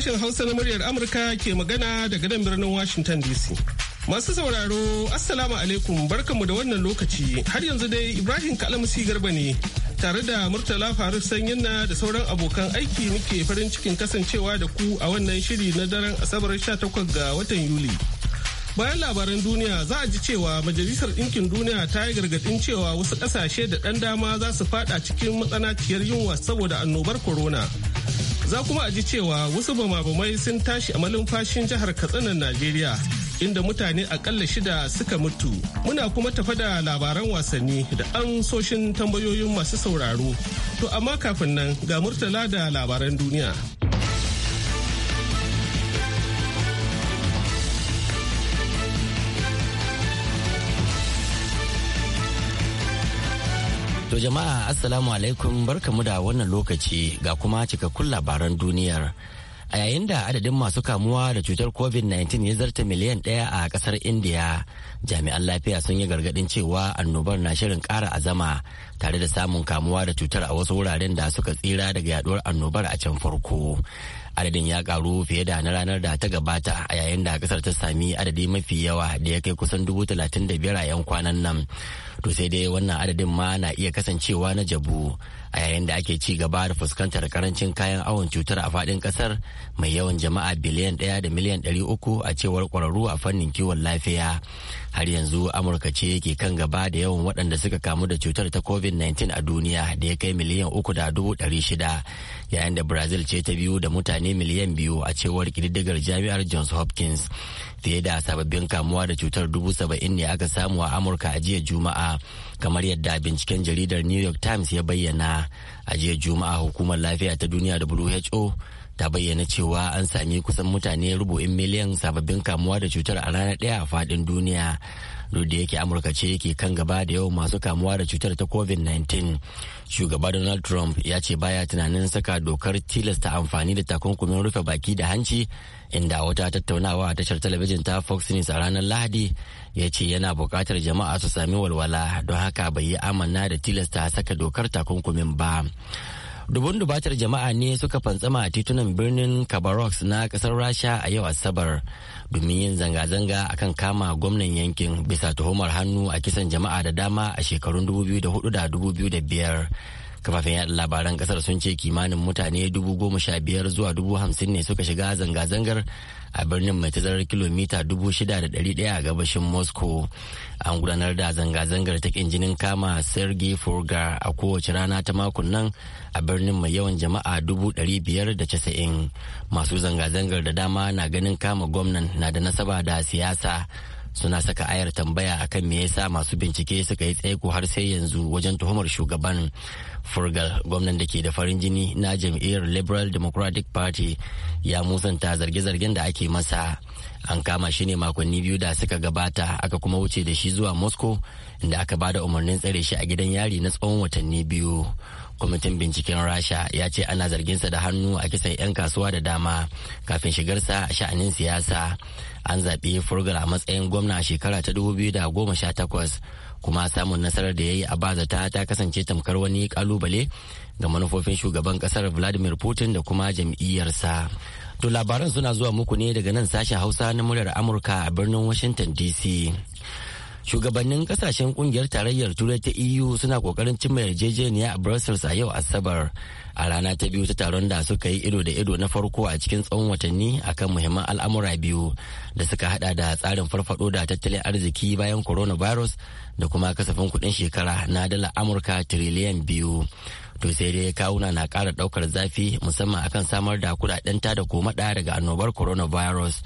Sashen Hausa na muryar Amurka ke magana daga nan birnin Washington DC. Masu sauraro, Assalamu alaikum barkanmu da wannan lokaci. Har yanzu dai Ibrahim Kalamusi Garba ne tare da Murtala Faruk na da sauran abokan aiki muke farin cikin kasancewa da ku a wannan shiri na daren Asabar 18 ga watan Yuli. Bayan labaran duniya za a ji cewa Majalisar Ɗinkin Duniya ta yi gargaɗin cewa wasu ƙasashe da ɗan dama za su faɗa cikin matsanaciyar yunwa saboda annobar corona. Za kuma a ji cewa wasu bamabamai sun tashi a malumfashin jihar Katsina Najeriya inda mutane akalla shida suka mutu. Muna kuma tafa da labaran wasanni da an soshin tambayoyin masu sauraro. To amma kafin nan ga murtala da labaran duniya. jama'a assalamu alaikum barkamu da wannan lokaci ga kuma cikakkun labaran duniyar. A yayin da adadin masu kamuwa da cutar COVID-19 ya zarta miliyan ɗaya a ƙasar India, jami'an lafiya sun yi gargadin cewa annobar na shirin kara azama tare da samun kamuwa da cutar a wasu wuraren da suka tsira daga yaduwar annobar a can farko. adadin ya karu fiye da na ranar da ta gabata a yayin da kasar ta sami adadi mafi yawa da ya kai kusan dubu talatin da biyar a yan kwanan nan to sai dai wannan adadin ma na iya kasancewa na jabu a yayin da ake ci gaba da fuskantar karancin kayan awon cutar a faɗin kasar mai yawan jama'a biliyan ɗaya da miliyan ɗari uku a cewar ƙwararru a fannin kiwon lafiya har yanzu amurka ce yake kan gaba da yawan waɗanda suka kamu da cutar ta covid-19 a duniya da ya kai miliyan uku da dubu ɗari shida yayin da brazil ce ta biyu da mutane miliyan biyu a cewar ƙididdigar jami'ar johns hopkins fiye da sababbin kamuwa da cutar dubu saba'in ne aka samu a amurka a jiya juma'a kamar yadda binciken jaridar new york times ya bayyana a jiya juma'a hukumar lafiya ta duniya who ta bayyana cewa an sami kusan mutane rubu'in miliyan sababbin kamuwa da cutar a ranar ɗaya a faɗin duniya duk da yake amurka ce yake kan gaba da yawan masu kamuwa da cutar ta covid-19 shugaba donald trump ya ce baya tunanin saka dokar tilasta amfani da takunkumin rufe baki da hanci inda wata tattaunawa a tashar talabijin ta fox news a ranar lahadi ya ce yana buƙatar jama'a su sami walwala don haka bai yi amanna da tilasta saka dokar takunkumin ba dubun dubatar jama'a ne suka fantsama a titunan birnin kabarok na kasar rasha a yau asabar domin yin zanga-zanga akan kama gwamnan yankin bisa tuhumar hannu a kisan jama'a da dama a shekarun 2004 da 2005 kafafen yaɗa labaran kasar sun ce kimanin mutane dubu goma sha biyar zuwa dubu hamsin ne suka shiga zanga-zangar a birnin mai tazarar kilomita dubu shida da ɗari ɗaya a gabashin moscow an gudanar da zanga-zangar ta jinin kama sergei furga a kowace rana ta makon nan a birnin mai yawan jama'a dubu ɗari biyar da casa'in masu zanga-zangar da dama na ganin kama gwamnan na da nasaba da siyasa suna saka ayar tambaya akan me yasa masu bincike suka yi tsaiko har sai yanzu wajen tuhumar shugaban furgal gwamnan da ke da farin jini na jam'iyyar liberal democratic party ya musanta zarge-zargen da ake masa an kama shi ne makonni biyu da suka gabata aka kuma wuce da shi zuwa moscow inda aka ba da umarnin tsare shi a gidan yari na tsawon watanni biyu kwamitin binciken rasha ya ce ana zarginsa da hannu a kisan 'yan kasuwa da dama kafin shigarsa a sha'anin siyasa an zaɓi furgar a matsayin gwamna shekara ta 2018 kuma samun nasarar da ya yi a bazata ta kasance tamkar wani kalubale ga manufofin shugaban kasar vladimir putin da kuma jam'iyyarsa to labaran suna zuwa muku ne daga nan sashen hausa na muryar amurka a birnin washington dc shugabannin kasashen kungiyar tarayyar turai ta eu suna kokarin cimma yarjejeniya a brussels a yau asabar a rana ta biyu ta taron da suka yi ido da ido na farko a cikin tsawon watanni akan muhimman al'amura biyu da suka hada da tsarin farfado da tattalin arziki bayan coronavirus da kuma kasafin kudin shekara na dala amurka tiriliyan biyu to sai dai kawuna na kara daukar zafi musamman akan samar da kudaden tada komada daga annobar coronavirus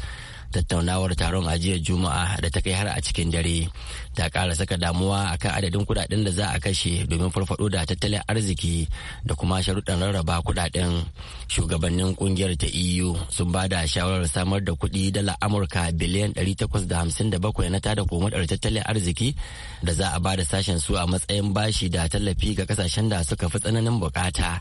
tattaunawar taron a jiya juma'a da ta kai har a cikin dare ta kara saka damuwa akan adadin kudaden da za a kashe domin farfado da tattalin arziki da kuma sharuɗan rarraba kudaden shugabannin kungiyar ta eu sun ba da shawarar samar da kuɗi dala amurka biliyan 857 na tada komadar tattalin arziki da za a ba da sashen su a matsayin bashi da tallafi ga kasashen da suka fi tsananin bukata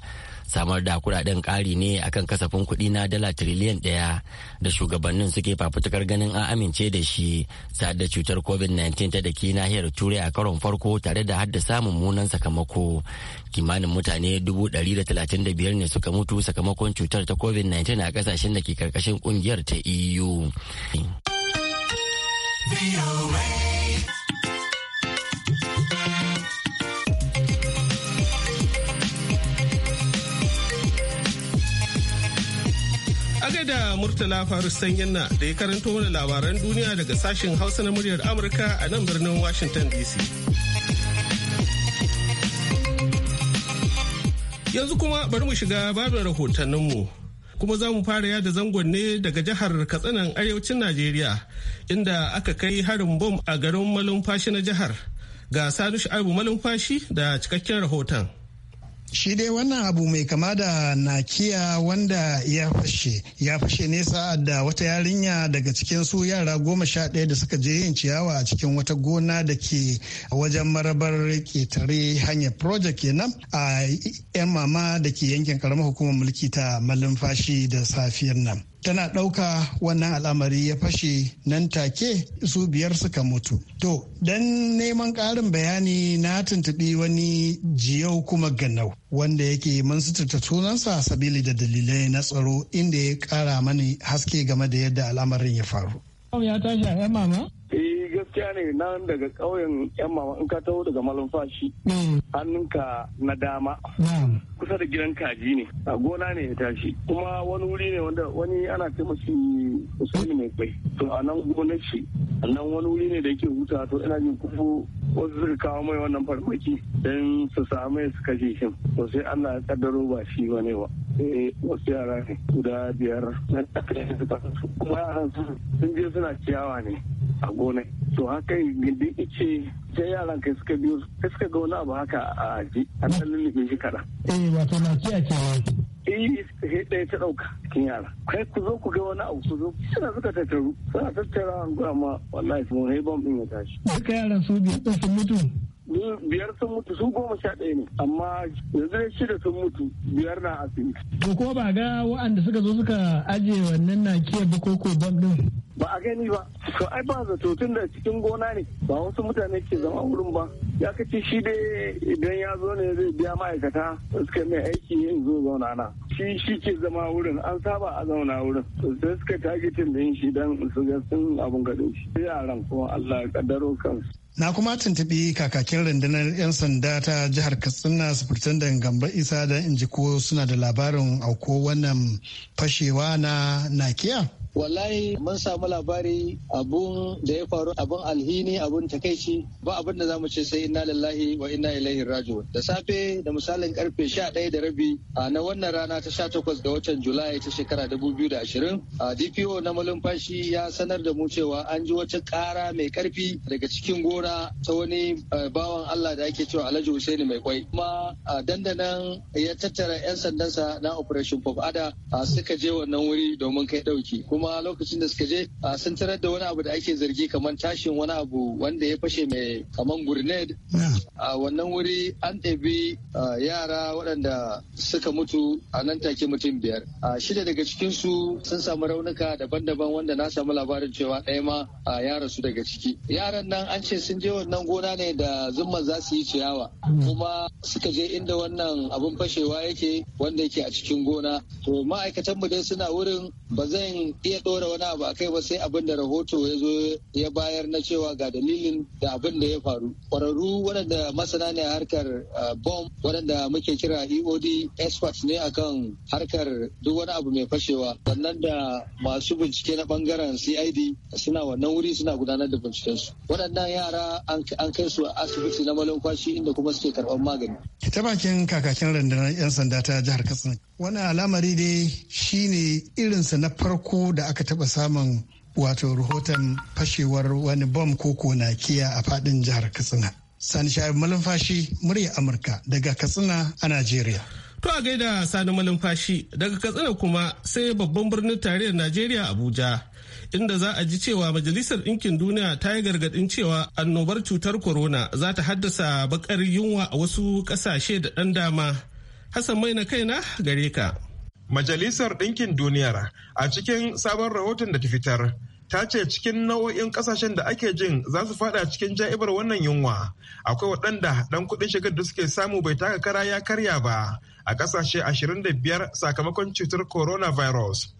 samar da kudaden ƙari ne akan kasafin kuɗi na dala tiriliyan ɗaya da shugabannin suke fafutukar ganin an amince da shi sa'ad da cutar covid-19 ta daki nahiyar turai a karon farko tare da samun munan sakamako kimanin mutane 135 ne suka mutu sakamakon cutar ta covid-19 a kasashen da ke karkashin ƙungiyar ta eu a da Murtala Faris Sanyanna da ya karanto mana labaran duniya daga sashen Hausa na muryar Amurka a nan birnin Washington DC. Yanzu kuma bari mu shiga babin rahotanninmu. Kuma za mu fara yada zangon ne daga jihar Katsinan Arewacin Najeriya inda aka kai harin bom a garin malumfashi na jihar. Ga Salisu Aibu malumfashi da cikakken rahoton. shi dai wannan abu mai kama da nakiya wanda ya fashe ya fashe ne sa'ad da wata yarinya daga cikin su yara goma sha ɗaya da suka je yin ciyawa a cikin wata gona da ke wajen marabar ketare hanyar project kenan a yan mama da ke yankin karamar hukumar mulki ta fashi da safiyar nan tana ɗauka wannan al'amari ya fashe nan take su biyar suka mutu to dan neman ƙarin bayani na tuntuɓi wani jiyau kuma ganau wanda yake mun sutunta sunansa sabili da dalilai na tsaro inda ya ƙara mani haske game da yadda al'amarin ya faru. ya tashi a mama? Eh, gaskiya ne nan daga ƙauyen yan mama in ka taho daga malumfashi hannunka na dama kusa da gidan kaji ne a gona ne ya tashi kuma wani wuri ne wanda wani ana ce mashi usmani mai kwai to a nan gonar shi a nan wani wuri ne da yake huta to ina jin kufu wasu suka kawo mai wannan farmaki don su samu ya suka je shi to sai Allah ya kaddaro ba shi ba ne eh, ba wasu yara ne guda biyar na kuma yaran sun je suna ciyawa ne a gonar to haka gindi ice sai yaran ka suka biyo suka ga wani abu haka a ji a ɗan lullube shi kaɗan. eh wato na ce wani. eh sai ɗaya ta ɗauka cikin yara kai ku zo ku ga wani abu ku zo suna suka tattaru suna tattara an gura ma wallahi mun hai ɗin ya tashi. duka yaran su biyu ɗin sun mutu. biyar sun mutu su goma sha ɗaya ne amma yanzu ne shida sun mutu biyar na asibiti. To ko ba ga wa'anda suka zo suka ajiye wannan na kiyar ba koko bam ɗin? Ba a gani ba, to ai ba zato tun da cikin gona ne ba wasu mutane ke zama wurin ba. Ya kace shi dai idan ya zo ne zai biya ma'aikata suka mai aiki in zo zauna na. Shi shi ke zama wurin an saba a zauna wurin. Sai suka tagitin din shi don su ga sun abin gadin shi. Yaran kuma Allah ya kaddaro kansu. Na kuma tuntuɓi kakakin rundunar 'yan sanda ta jihar Katsina da Gamba Isa don in ji ko suna da labarin auko wannan fashewa na Nakiya. wallahi mun samu labari abun da ya faru abun alhini abun takaici ba abin da zamu ce sai inna lillahi wa inna ilaihi raji'un da safe da misalin karfe 11 da rabi na wannan rana ta 18 ga watan julai ta shekara 2020 a DPO na malumfashi ya sanar da mu cewa an ji wata kara mai karfi daga cikin gora ta wani bawan Allah da ake cewa Alhaji Husaini mai kwai kuma dandanan ya tattara 'yan sandansa na Operation Pop Ada suka je wannan wuri domin kai dauki kuma kuma lokacin da suka je sun tarar da wani abu da ake zargi kamar tashin wani abu wanda ya fashe mai kamar gurned a wannan wuri an ɗabi yara waɗanda suka mutu a nan take mutum biyar a shida daga cikinsu sun samu raunuka daban-daban wanda na samu labarin cewa ɗaya ma ya rasu daga ciki yaran nan an ce sun je wannan gona ne da zumma za su yi ciyawa hmm. kuma suka je inda wannan abin fashewa yake wanda yake a cikin gona to ma'aikatan mu dai suna wurin ba zan iya ɗora wani abu a kai ba sai abin da rahoto ya zo ya bayar na cewa ga dalilin da abin da ya faru kwararru waɗanda masana ne a harkar bom waɗanda muke kira eod experts ne akan harkar duk wani abu mai fashewa sannan da masu bincike na ɓangaren cid suna wannan wuri suna gudanar da bincikensu waɗannan yara an kai su a asibiti na malon kwashi inda kuma suke karɓar magani ta bakin kakakin rundunar 'yan sanda ta jihar katsina wannan al'amari dai shine irinsa na farko da aka taba samun wato rahoton fashewar wani bom ko konakiya a fadin jihar katsina sani sha'ib malumfashi murya amurka daga katsina a najeriya to a gaida sani malumfashi daga katsina kuma sai babban birnin tarayyar najeriya abuja inda za a ji cewa majalisar ɗinkin duniya ta yi gargaɗin cewa annobar cutar corona za ta haddasa bakar yunwa a wasu ƙasashe da ɗan dama Hassan mai na kaina gare ka. Majalisar Ɗinkin Duniyar a cikin sabon rahoton da ta fitar ta ce cikin nau'o'in kasashen da ake jin za su fada cikin ja'ibar wannan yunwa akwai waɗanda ɗan kuɗin shigar da suke samu bai taka kara ya karya ba a ƙasashe 25 sakamakon cutar coronavirus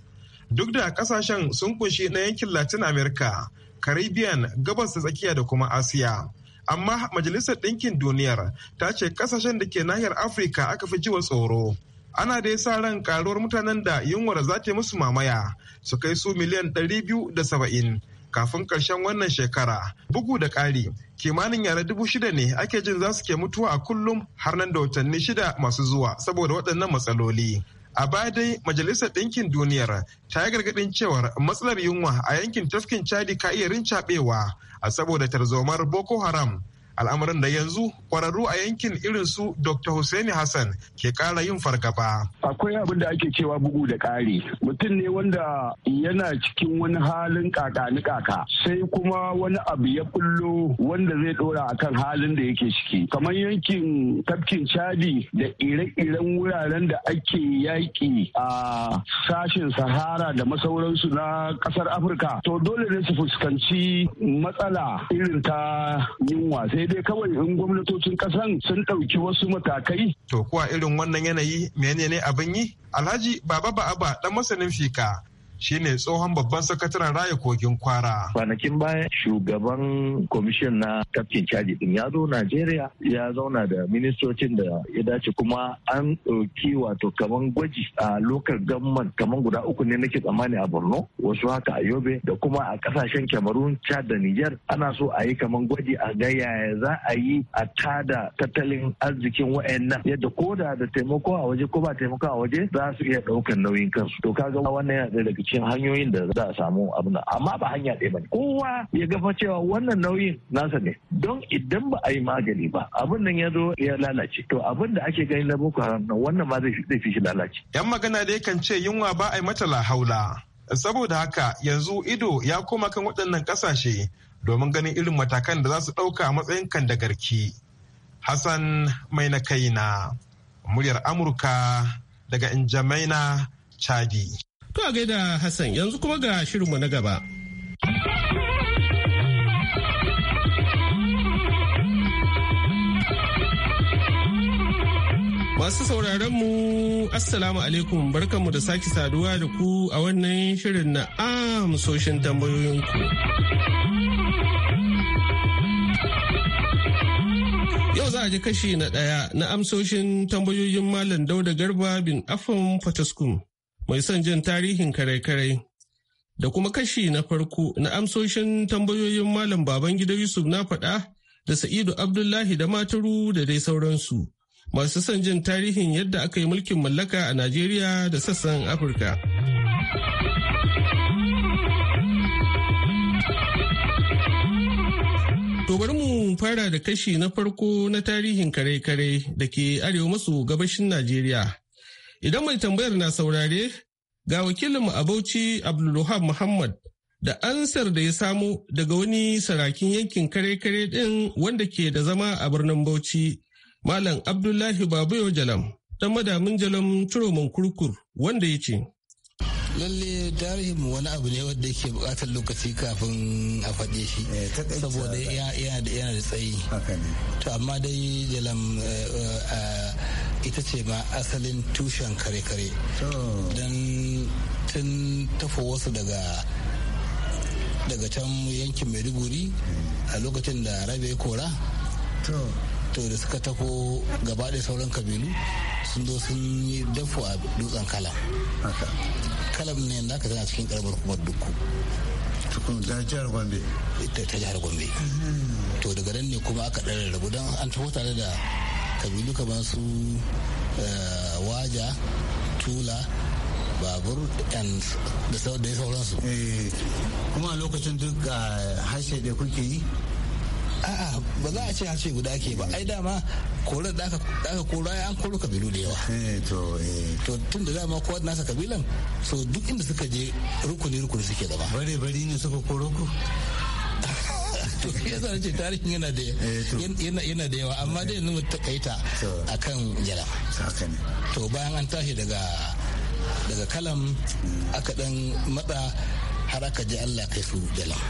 duk da ƙasashen sun kunshi na yankin latin america caribbean gabas da tsakiya da kuma asiya amma majalisar ɗinkin duniyar ta ce kasashen da ke nahiyar afirka aka fi jiwa tsoro ana da sa ran karuwar mutanen da yunwar za ta musu mamaya su kai su miliyan ɗari biyu da saba'in kafin karshen wannan shekara bugu da ƙari kimanin yara dubu shida ne ake jin za su ke mutuwa a kullum har nan da watanni shida masu zuwa saboda waɗannan matsaloli A baya dai Majalisar Ɗinkin Duniyar ta yi gargaɗin cewar matsalar yunwa a yankin tafkin Chadi ka iya rincaɓewa a saboda tarzomar Boko Haram al'amarin da yanzu kwararru a yankin irin su dr Hussein hassan ke kara yin fargaba akwai abin da ake cewa bugu da ƙari mutum ne wanda yana cikin wani halin kakani kaka sai kuma wani abu ya bullo wanda zai dora kan halin da yake ciki kamar yankin tafkin chadi da ire-iren wuraren da ake yaƙi a sashen sahara da masauransu na ƙasar afirka to dole ne su fuskanci matsala irin ta yunwa sai sai dai kawai in gwamnatocin kasan sun ɗauki wasu matakai. To kuwa irin wannan yanayi menene abin yi? Alhaji Baba Ba'aba dan masanin fika shine tsohon babban sakataren raya kogin kwara. Kwanakin baya shugaban kwamishin na kaftin caji din ya zo Najeriya ya zauna da ministocin da ya dace kuma an ɗauki wato kaman gwaji a lokal gamman kaman guda uku ne nake tsammani a Borno wasu haka a Yobe da kuma a kasashen Cameroon, Chad da Niger ana so a yi kaman gwaji a ga yaya za a yi a tada tattalin arzikin wa'annan yadda ko da da taimako a waje ko ba taimako a waje za su iya ɗaukar nauyin kansu to kaga wannan yana daga cikin hanyoyin da za a samu abin amma ba hanya ɗaya ba kowa ya gafa cewa wannan nauyin nasa ne don idan ba a yi magani ba abin nan ya zo ya lalace to abin da ake gani na boko haram wannan ma zai fi shi lalace yan magana da kan ce yunwa ba a yi mata lahaula saboda haka yanzu ido ya koma kan waɗannan ƙasashe domin ganin irin matakan da za su ɗauka a matsayin kan da garki hassan mai na kaina muryar amurka daga injamaina chadi To a gaida Hassan yanzu kuma ga shirinmu na gaba. Masu sauraron mu Assalamu alaikum barkanmu da sake saduwa da ku a wannan shirin na amsoshin tambayoyinku. Yau za a ji kashi na ɗaya na amsoshin tambayoyin Malam Dauda Garba bin Afan Fataskum mai son jin tarihin kare-kare da kuma kashi na farko na amsoshin tambayoyin malam baban babangida yusuf na faɗa da sa'idu abdullahi da maturu da dai sauransu masu son jin tarihin yadda aka yi mulkin mallaka a najeriya da sassan afirka To bari mu fara da kashi na farko na tarihin kare-kare da ke arewa maso gabashin Najeriya Idan mai tambayar na saurare, ga wakilinmu a Bauchi Abdulluhab Muhammad da ansar da ya samu daga wani sarakin yankin kare-kare ɗin wanda ke da zama a birnin Bauchi, Malam Abdullahi Babayo Jalam, dan madamin Jalam Turoman Kurkur wanda ya ce. lalle tarihin wani abu ne wanda yake bukatar lokaci kafin a faɗe shi eh, saboda yana da tsayi to amma dai jalam eh, eh, ita ce ma asalin tushen kare-kare don tun tafi wasu daga daga can yankin maiduguri a lokacin da rabe ya kora to da suka taho gaba da sauran kabilu sun zo sun yi dafu a dutsen kalam kalam ne da aka tana cikin karbar kuma dukku tukun da jihar gombe ta jihar gombe mhm. to daga nan ne kuma aka ɗara rabu don an tafi tare da kabilu kamar su eh, waja tula babur da ya sauransu eh, kuma a lokacin duk ah, harshe da kuke yi a'a ba za a ce harshe guda ke ba ai dama kore da aka kora ya an koro kabilu da yawa eh, to tun da dama kowa nasa kabilan so duk inda suka je rukuni rukuni suke zama bare bari ne suka koro ku to tarihin yana da eh, yana da yawa amma dai yanzu mu takaita akan jalaf to bayan an tashi daga daga kalam mm. aka dan matsa har aka ji Allah kai su jalam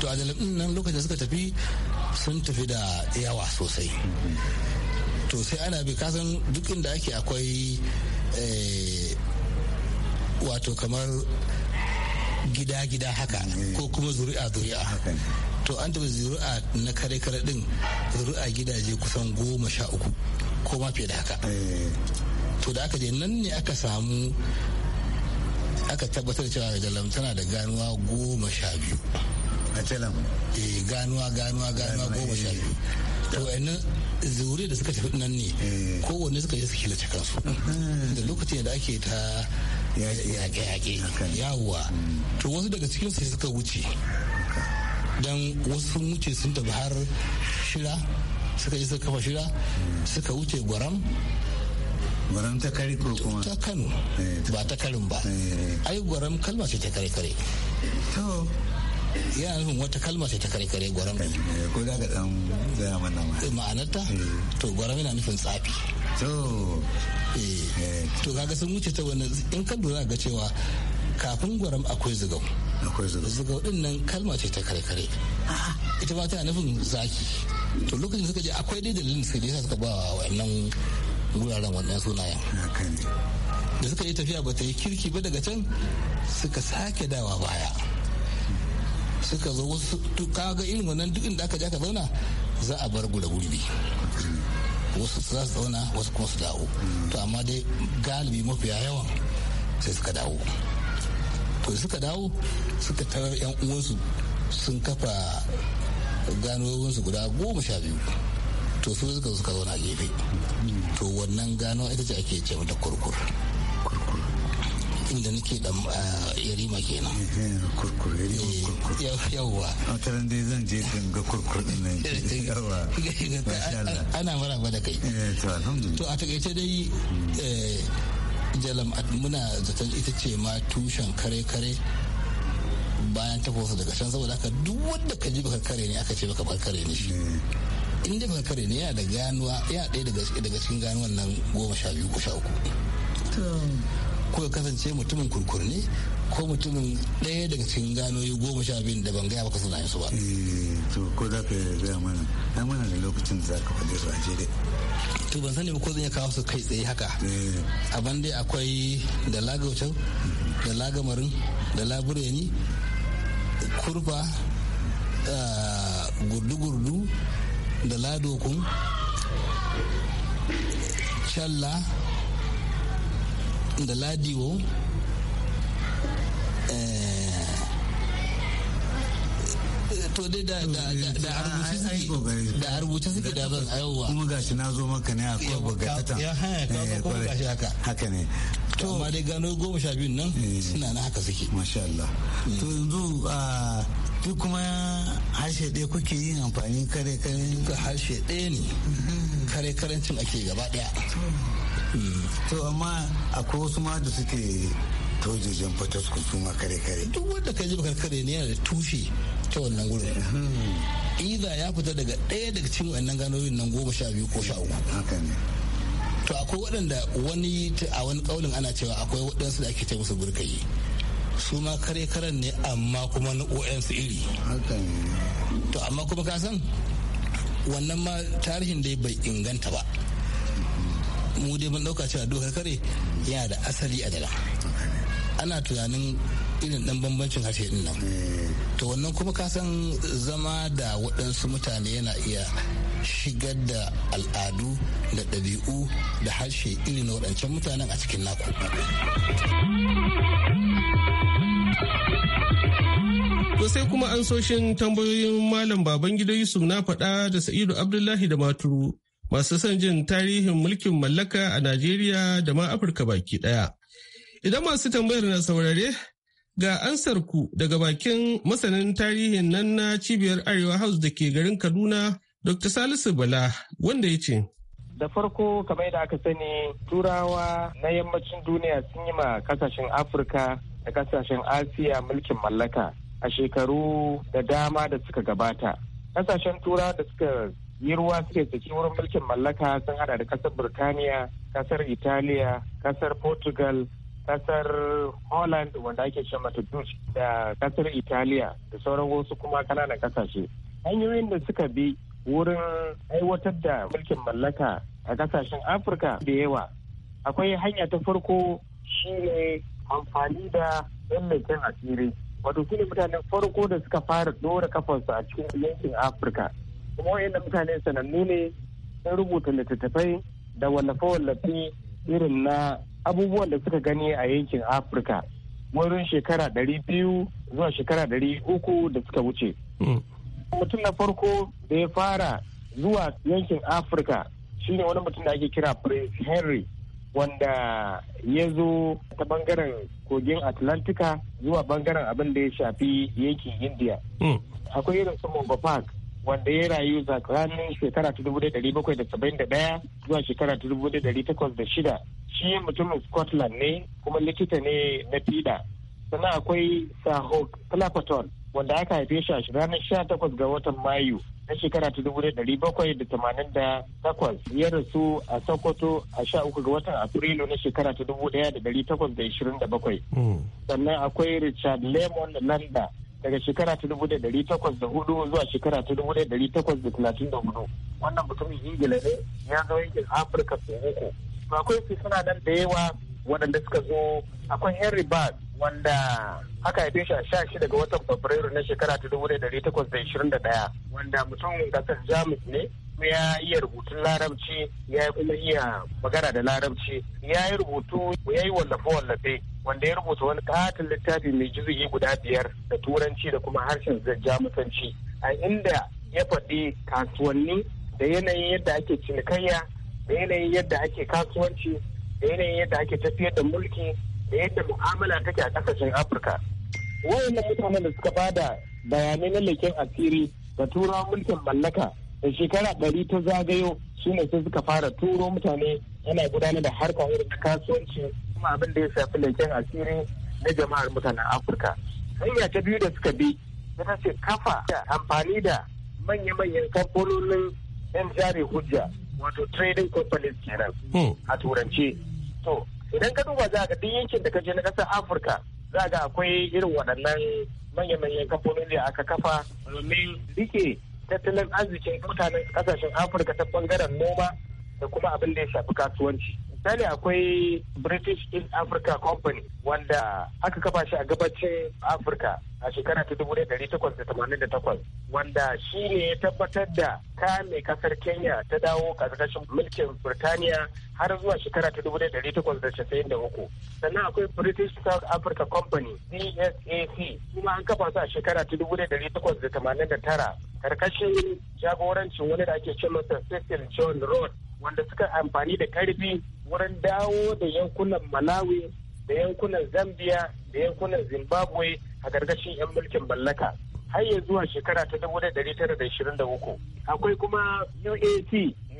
to a jalam nan lokacin suka tafi sun tafi da yawa sosai mm-hmm. to sai ana bi kasan duk inda ake akwai eh, wato kamar gida-gida haka ko kuma zuri'a-zuri'a to an taɓa zuri'a na kare-kare din zuri'a gidaje kusan goma sha uku ko ma fiye da haka eh. to da aka je nan ne aka samu aka tabbatar cewa jalam tana da ganuwa goma sha biyu a jalam eh ganuwa ganuwa ganuwa goma sha eh. biyu to wa'annan zuri da suka tafi nan ne eh. kowanne suka yi suka kilace cikinsu mhm. da lokacin da ake ta yaƙe-yaƙe yawwa mm. to wasu daga cikin sai suka wuce don wasu sun wuce sun tafi har shira suka isa suka kafa shira mm. suka wuce gwaram gwaram ta kari ko kuma ta kano eh, ba ta karin ba eh, eh. ai gwaram kalma ce ta kare kare to yana nufin wata kalma ce ta kare kare gwaram ko da ga dan zaya mana ma'anarta to gwaram yana nufin tsafi to eh to kaga sun wuce ta wannan in ka lura ga cewa kafin gwaram akwai zugau akwai zugau zugau din nan kalma ce ta kare-kare ita ba tana nufin zaki to lokacin suka je akwai dai dalilin suka je suka ba wannan guraren wannan sunayen da suka yi tafiya ba ta yi kirki ba daga can suka sake dawa baya suka zo wasu kaga irin wannan duk inda aka je aka zauna za a bar gura gurbi wasu za su zauna wasu kuma su dawo to amma dai galibi mafiya yawan sai suka dawo to suka dawo suka tarar yan uwansu sun kafa ganoyinsu guda goma sha biyu to su suka suka zauna gefe to wannan gano ita ce ake ce mata kurkur inda nake dan eh, yarima kenan kurkur yawa a taron dai zan je kan ga kurkur din nan eh, eh, yawa ana maraba da kai to alhamdulillah to a takaice dai hmm. jalam muna zaton ita ce ma tushen kare kare bayan ta fosa daga can saboda haka duk wanda ka ji baka kare ne aka ce baka bar kare ne shi hmm. in dai baka kare ne yana da ganuwa ya daya daga cikin ganuwan nan goma sha biyu ko sha uku ko ya kasance mutumin kurkurni ko mutumin ɗaya daga cikin ganoyi goma sha biyun da ban gaya na sunayen su ba. Eh, to ko za ka gaya mana ya mana da lokacin da za ka faɗi su a jere. to ban sani ba ko zan iya kawo su kai tsaye haka. Eh. abin dai akwai da lagautan da lagamarin da labureni kurfa eh, gurdu-gurdu da ladokun challa da ladiwo eh, to dai da da rubuce suke da ban yawa kuma gashi na zo maka ne a kuma bugatata ya haya ka eh, kuma gashi haka haka ne to amma dai gano goma sha biyun nan eh, suna na haka suke masha Allah to mm. yanzu a ah, duk kuma harshe ɗaya kuke yin amfani kare kare duka harshe ɗaya ne mm-hmm. kare karancin ake gaba daya. to amma akwai wasu ma da suke tojejen fataskun su ma kare kare duk wanda ka ji kare ne yana da tufe ta wannan gurin hmm. iza ya fita daga ɗaya daga cikin wannan yin nan goma sha biyu ko sha uku to akwai waɗanda wani a wani ƙaunin ana cewa akwai waɗansu da ake ce musu burkayi su ma kare karen ne amma kuma na su iri to amma kuma ka san wannan ma tarihin dai bai inganta ba mu dai mun dauka cewa dokar kare yana da asali a dala ana tunanin irin dan bambancin harshe din nan to wannan kuma ka san zama da waɗansu mutane yana iya shigar da al'adu da ɗabi'u da harshe irin waɗancan mutanen a cikin naku To sai kuma ansoshin tambayoyin Malam Babangida Yusuf na faɗa da Sa'idu Abdullahi da Maturu masu son jin tarihin mulkin mallaka a Najeriya da ma Afirka baki ɗaya. Idan masu tambayar na saurare, ga ansar ku daga bakin masanin tarihin nan na cibiyar Arewa House da ke garin Kaduna, Dr. Salisu Bala, wanda ya ce. da farko kamar da aka sani turawa na yammacin duniya sun yi ma kasashen afirka da kasashen asiya mulkin mallaka a shekaru da dama da suka gabata kasashen turawa da suka yi ruwa suke saki wurin mulkin mallaka sun hada da kasar burtaniya kasar italiya kasar portugal kasar holland wanda ake shan mata dutch da kasar italiya da sauran wasu kuma kananan kasashe hanyoyin da suka bi wurin aiwatar da mulkin mallaka a kasashen afirka da yawa akwai hanya ta farko shine amfani da yan asiri wato su ne mutanen farko da suka fara dora kafarsu a cikin yankin afirka kuma wayannan mutane sanannu ne sun rubuta littattafai da wallafe-wallafe irin na abubuwan da suka gani a yankin afirka wurin shekara ɗari biyu zuwa shekara ɗari uku da suka wuce hmm. mutum na farko da ya fara zuwa yankin afirka shine wani mutum da ake kira prince henry wanda ya zo ta bangaren kogin atlantika zuwa bangaren abin da ya shafi yankin india hmm. akwai irin su park wanda ya rayu tsakanin shekara ta dubu ɗari bakwai da saba'in da ɗaya zuwa shekara ta dubu ɗari takwas da shida shi mutumin scotland ne kuma likita ne na fida sannan akwai saho clapperton wanda aka haife shi a ranar sha takwas ga watan mayu na shekara ta dubu ɗari bakwai da tamanin da takwas ya rasu a sokoto a sha uku ga watan afrilu na shekara ta dubu ɗaya da ɗari takwas da ishirin da bakwai hmm. sannan akwai richard lemon landa daga shekara ta dubu da dari takwas da hudu zuwa shekara ta dubu da dari takwas da talatin da hudu wannan mutumin ingila ne ya zo yankin afirka su uku akwai su suna nan da yawa waɗanda suka zo akwai henry bad wanda aka haife shi a sha shi daga watan fabrairu na shekara ta dubu da dari takwas da ishirin da ɗaya wanda mutum gasar jamus ne ya iya rubutun larabci ya kuma iya magana da larabci ya yi rubutu ya yi wallafe-wallafe wanda ya rubuta wani katin littafi mai jirgi guda biyar da turanci da kuma harshen jamusanci a inda ya faɗi kasuwanni da yanayin yadda ake cinikayya da yanayin yadda ake kasuwanci da yanayin yadda ake tafiyar da mulki da yadda mu'amala take a ƙasashen afirka wayannan mutanen da suka bada bayanai na leken asiri da turawa mulkin mallaka da shekara ɗari ta zagayo su ne sai suka fara turo mutane yana gudanar da harka irin kasuwanci kuma abin da ya shafi leken asiri na jama'ar mutanen afirka hanya ta biyu da suka bi ta ce kafa amfani da manya-manyan kamfanonin yan jari hujja wato trading companies kenan hmm. a turance to idan ka duba za ka yankin da ka je na ƙasar afirka za ga akwai irin waɗannan manya-manyan kamfanonin da aka kafa domin rike tattalin arzikin mutanen ƙasashen afirka ta bangaren noma da kuma abin da ya shafi kasuwanci misali akwai british east africa company wanda aka kafa shi a gabacin Africa a shekara ta dubu da takwas wanda shi ne ya tabbatar da kame kasar kenya ta dawo ƙarƙashin mulkin birtaniya har zuwa shekara ta dubu da uku sannan akwai british south africa company bsac kuma an kafa su a shekara ta dubu da tara karkashin jagorancin wani da ake ce masa cecil john Rhodes wanda suka amfani da karfi wurin dawo da yankunan malawi da yankunan zambia da yankunan zimbabwe a gargashin 'yan mulkin mallaka har ya zuwa shekara ta 1923 akwai kuma uac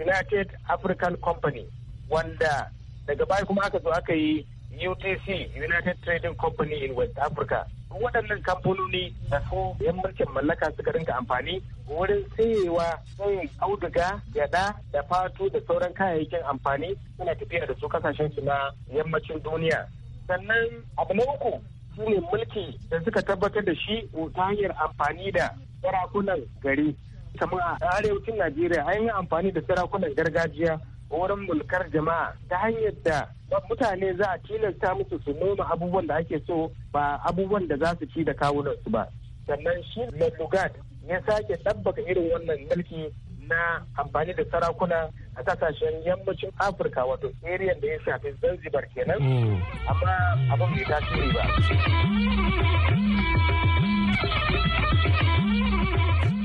united african company wanda daga baya kuma aka zo aka yi utc united trading company in west africa waɗannan kamfanoni da su yan mulkin mallaka suka rinka amfani wurin sayewa sayin auduga gyaɗa da fatu da sauran kayayyakin amfani suna tafiya da su kasashen su na yammacin duniya sannan abu na uku shine mulki da suka tabbatar da shi ta hanyar amfani da sarakunan gari kamar a arewacin najeriya an yi amfani da sarakunan gargajiya wurin mulkar jama'a ta hanyar da mutane za a tilasta musu su noma abubuwan da ake so ba abubuwan da za su ci da kawunansu ba sannan shi lugard ya sake ɗabbaka irin wannan mulki na amfani da sarakuna a kasashen yammacin afirka wato area da ya shafi zanzibar kenan mm. amma abin bai tasiri ba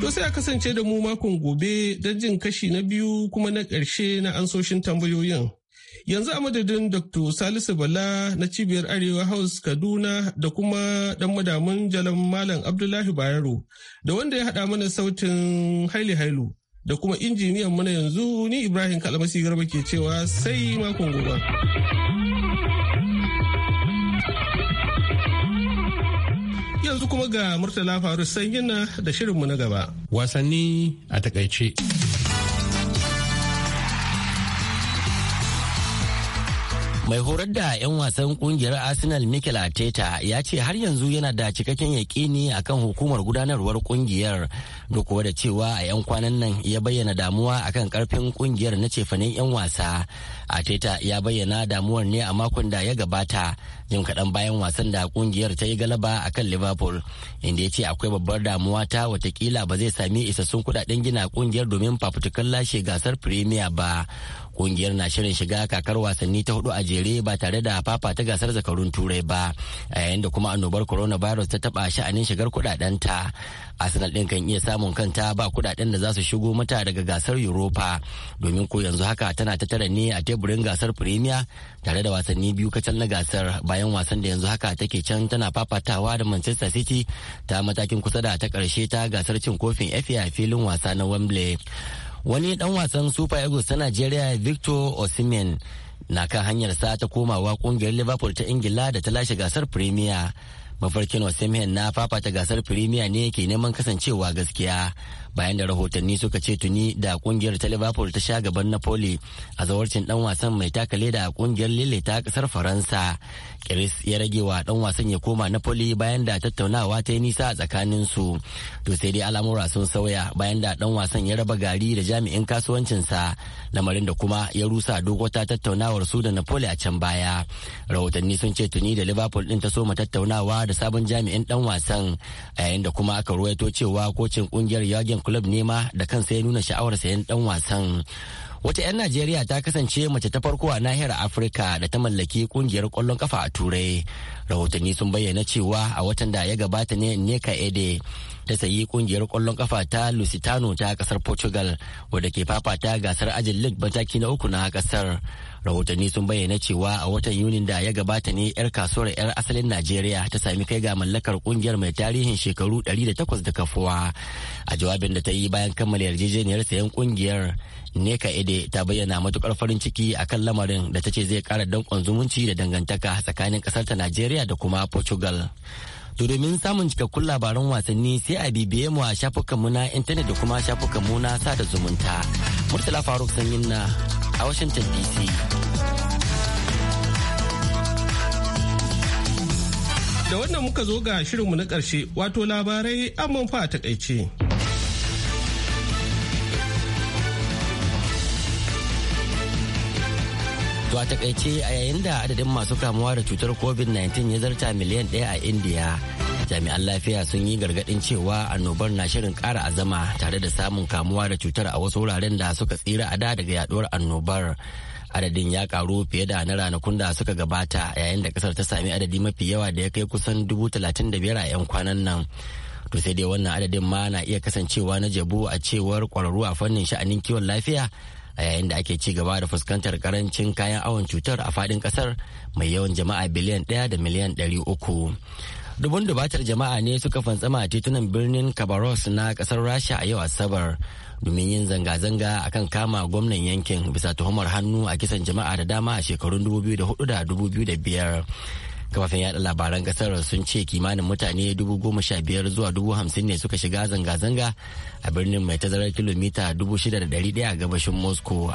To sai a kasance da mu makon gobe don jin kashi na biyu kuma na ƙarshe na ansoshin tambayoyin. Yanzu a madadin Dr. Salisu Bala na Cibiyar Arewa House Kaduna da kuma ɗan madamun Jalan Malam Abdullahi Bayero da wanda ya haɗa mana sautin Haile Hailu da kuma injiniyan mana yanzu ni Ibrahim Kalamasi Garba ke cewa sai makon gobe. ga Murtala Faru Sanyina da shirinmu na gaba. Wasanni a takaice. mai horar da 'yan wasan kungiyar arsenal mikel arteta ya ce har yanzu yana da cikakken yaƙini akan hukumar gudanarwar kungiyar duk da cewa a 'yan kwanan nan ya bayyana damuwa akan karfin kungiyar na cefanen 'yan wasa arteta ya bayyana damuwar ne a makon da ya gabata jim kaɗan bayan wasan da kungiyar ta yi galaba akan liverpool inda ya ce akwai babbar damuwa ta watakila ba zai sami isassun kuɗaɗen gina kungiyar domin fafutukan lashe gasar premier ba kungiyar na shirin shiga kakar wasanni ta hudu a jere jere ba tare da fafa ta gasar zakarun turai ba a yayin da kuma annobar coronavirus ta taba sha'anin shigar ta arsenal din kan iya samun kanta ba kudaden da za su shigo mata daga gasar europa domin ko yanzu haka tana ta tara ne a teburin gasar premier tare da wasanni biyu kacal na gasar bayan wasan da yanzu haka take can tana fafatawa da manchester city ta matakin kusa da ta karshe ta gasar cin kofin fa filin wasa na wembley wani dan wasan super eagles ta nigeria victor osimhen na kan hanyar sa ta komawa kungiyar liverpool ta ingila da ta lashe gasar premier mafarkin wasu na fafata gasar premier ne ke neman kasancewa gaskiya bayan da rahotanni suka ce tuni da kungiyar ta liverpool ta sha gaban napoli a zawarcin dan wasan mai takale da kungiyar lille ta kasar faransa kiris ya rage wa dan wasan ya koma napoli bayan da tattaunawa ta yi nisa a tsakanin su to sai dai al'amura sun sauya bayan da dan wasan ya raba gari da jami'in kasuwancinsa lamarin da kuma ya rusa dogo ta tattaunawar su da napoli a can baya rahotanni sun ce tuni da liverpool din ta soma tattaunawa da sabon jami'in dan wasan a yayin da kuma aka ruwaito cewa kocin kungiyar yagen wannan club ne ma da kansa ya nuna sha'awar sayan dan wasan wata 'yan najeriya ta kasance mace ta farko a nahiyar afirka da ta mallaki kungiyar kwallon kafa a turai rahotanni sun bayyana cewa a watan da ya gabata ne neka ede ta sayi kungiyar kwallon kafa ta lusitano ta kasar portugal wadda ke fafata gasar ajin league mataki na uku na kasar rahotanni sun bayyana cewa a watan yuni da ya gabata ne 'yar kasuwar 'yar asalin najeriya ta sami kai ga mallakar kungiyar mai tarihin shekaru 108 da kafuwa a jawabin da ta yi bayan kammala yarjejeniyar sayan kungiyar neka ede ta bayyana matukar farin ciki akan lamarin da ta ce zai kara dankon zumunci da dangantaka tsakanin kasar ta najeriya da kuma portugal To domin samun cikakkun labaran wasanni sai a bibiye mu a shafukanmu na intanet da kuma shafukanmu na sada zumunta. Murtala Faruk Sanyin na a Washington DC. Da wannan muka zo ga shirinmu na ƙarshe wato labarai amman fa a takaice. To a takaice a yayin da adadin masu kamuwa da cutar COVID-19 ya zarta miliyan ɗaya a India, jami'an lafiya sun yi gargaɗin cewa annobar na shirin ƙara azama tare da samun kamuwa da cutar a wasu wuraren da suka tsira a da daga yaduwar annobar. Adadin ya karu fiye da na ranakun da suka gabata yayin da ƙasar ta sami adadi mafi yawa da ya kai kusan dubu talatin da biyar a 'yan kwanan nan. To sai dai wannan adadin ma na iya kasancewa na jabu a cewar ƙwararru a fannin sha'anin kiwon lafiya a yayin da ake ci gaba da fuskantar karancin kayan awon cutar a fadin kasar mai yawan jama'a biliyan ɗaya da miliyan ɗari uku. Dubun dubatar jama'a ne suka fantsama a titunan birnin kabaros na kasar Rasha a yau Asabar domin yin zanga-zanga akan kama gwamnan yankin bisa tuhumar hannu a kisan jama'a da dama a shekarun 2004 da 2005. kafafen yada labaran kasar sun ce kimanin mutane dubu goma sha biyar zuwa dubu hamsin ne suka shiga zanga-zanga a birnin mai tazarar kilomita dubu shida da dari daya a gabashin moscow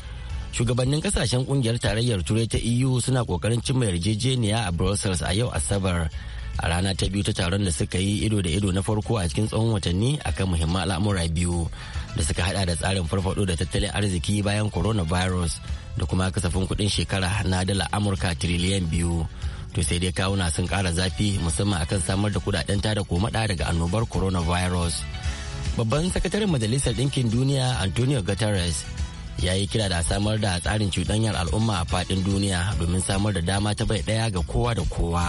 shugabannin kasashen kungiyar tarayyar turai ta eu suna kokarin cimma yarjejeniya a brussels a yau asabar a rana ta biyu ta taron da suka yi ido da ido na farko a cikin tsawon watanni akan muhimman al'amura biyu da suka hada da tsarin farfado da tattalin arziki bayan coronavirus da kuma kasafin kudin shekara na dala amurka tiriliyan biyu to sai dai kawuna sun kara zafi musamman akan samar da kudaden tada komaɗa daga annobar coronavirus babban sakataren majalisar Dinkin duniya antonio guterres ya yi kira da samar da tsarin cuɗanyar al'umma a faɗin duniya domin samar da dama ta bai ɗaya ga kowa da kowa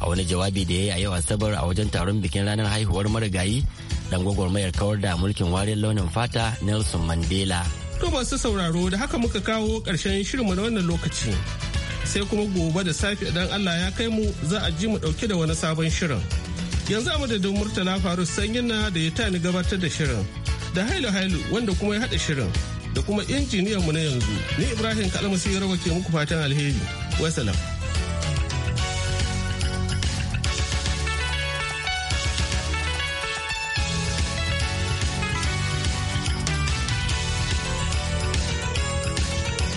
a wani jawabi da ya yi a yau asabar a wajen taron bikin ranar haihuwar marigayi dan gwagwarmayar kawar da mulkin wariyar launin fata nelson mandela to masu sauraro da haka muka kawo ƙarshen shirinmu na wannan lokaci sai kuma gobe da safe idan Allah ya kai mu za a ji mu dauke da wani sabon shirin. Yanzu a madadin Murtala Faru sanyin na da ya tani gabatar da shirin. Da hailu hailu wanda kuma ya haɗa shirin da kuma injiniyan mu na yanzu. Ni Ibrahim Kalmasi Yarwa ke muku fatan alheri. Wasalam.